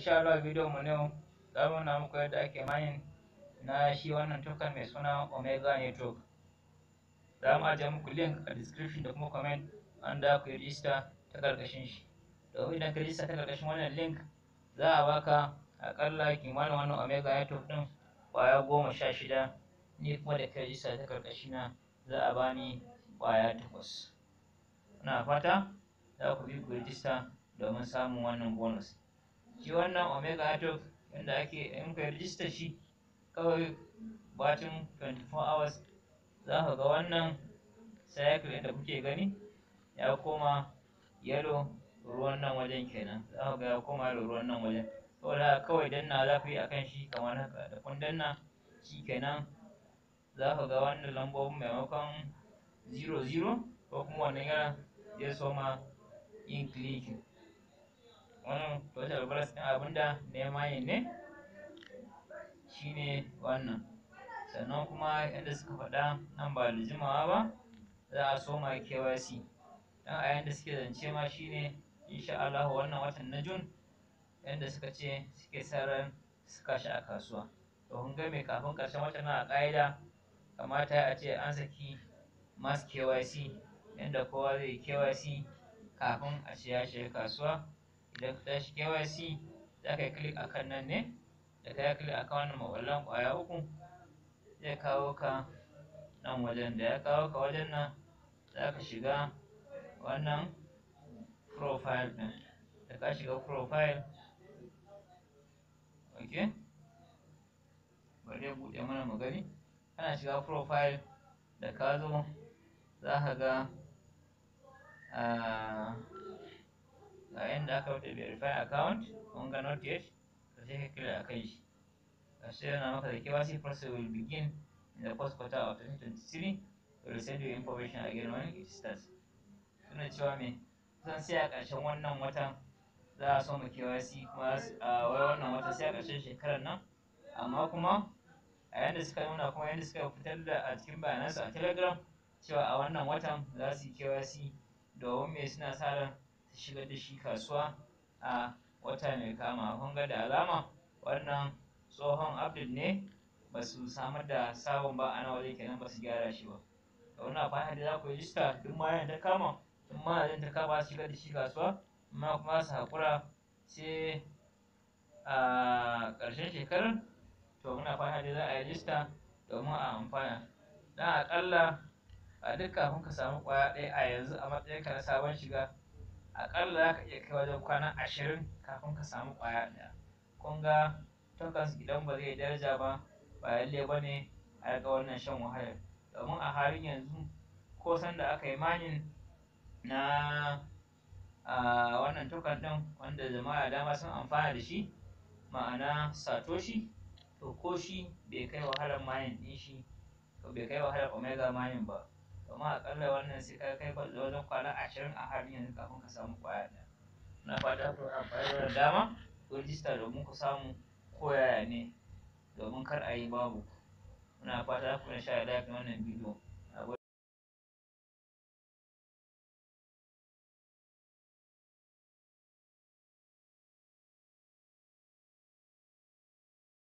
insha Allah video mu ne za mu nuna muku yadda ake mining na shi wannan token mai suna Omega Network za mu ajiye muku link a description da kuma comment an da ku register ta karkashin shi domin idan ka register ta karkashin wannan link za a baka akalla kimanin wannan Omega Network din kwaya goma sha shida ni kuma da ka register ta karkashina za a bani kwaya takwas. Ina fata za ku bi ku rijista domin samun wannan bonus. shi wannan omega atox yadda ake in ka rijista shi kawai batun 24 hours za ka ga wannan cycle da kuke gani ya koma yellow ruwan nan wajen kenan za ka ga ya koma yellow ruwan nan wajen saboda kawai danna za ku yi akan shi kamar haka da kun danna shi kenan za ka ga wannan lambobin maimakon 00 ko kuma wannan yana zai soma yin clicking wannan total price ɗin abinda na ya shi ne wannan sannan kuma yadda suka faɗa nan ba da jimawa ba za a soma KYC dan a yadda suke zance ma shine insha Allah wannan watan na Jun yadda suka ce suke sa suka sha a kasuwa to kun ga mai kafin ƙarshen watan na a ƙa'ida kamata a ce an saki mass KYC yadda kowa zai KYC kafin a ce ya shiga kasuwa idan ka tashi KYC za ka yi click a kan nan ne da ka yi click a kan wani mawallan kwaya uku zai kawo ka nan wajen da ya kawo ka wajen nan za ka shiga wannan profile ɗin da ka shiga profile ok bari ya buɗe mana magani kana shiga profile da ka zo za ka ga ah, ga yanda aka wuce verify account kun ga not yet to sai ka kira a kai shi sai yana maka da sai process will begin in the first quarter of 2023 to send you information again when it starts suna cewa me kusan sai a ƙarshen wannan watan za a so mu KYC kuma a wai wannan watan sai a ƙarshen shekarar nan amma kuma a yanda suka nuna kuma yadda suka fitar da a cikin bayanansu a telegram cewa a wannan watan za su yi KYC domin me suna sa ran shiga da shi kasuwa a wata mai kama kun ga da alama wannan tsohon abdul ne ba su samar da sabon ba ana wajen kenan ba su gyara shi ba da wannan bayan da za ku rijista duk mayan ta kama duk mayan ta kama su shiga da shi kasuwa amma kuma su haƙura sai a ƙarshen shekarar to muna fata dai za a yi rijista domin a amfana don aƙalla a duk kafin ka samu ƙwaya ɗaya a yanzu a matsayinka na sabon shiga aƙalla za ka iya kai wajen kwana ashirin kafin ka samu ƙwaya ɗaya kun ga takwas idan ba zai daraja ba ba lalle ba ne a riga wannan shan wahalar domin a halin yanzu ko san da aka yi manin na wannan token ɗin wanda jama'a dama sun amfana da shi ma'ana satoshi to ko shi bai kai wahalar manin ɗin shi bai kai wahalar omega manin ba kuma akalla wannan sai ka kai kwallo wajen kwana ashirin a har yanzu kafin ka samu kwaya ɗaya na fata ku amfani da dama ku rijista domin ku samu koyaya ne domin kar a yi babu muna fata ku na sha da wannan bidiyo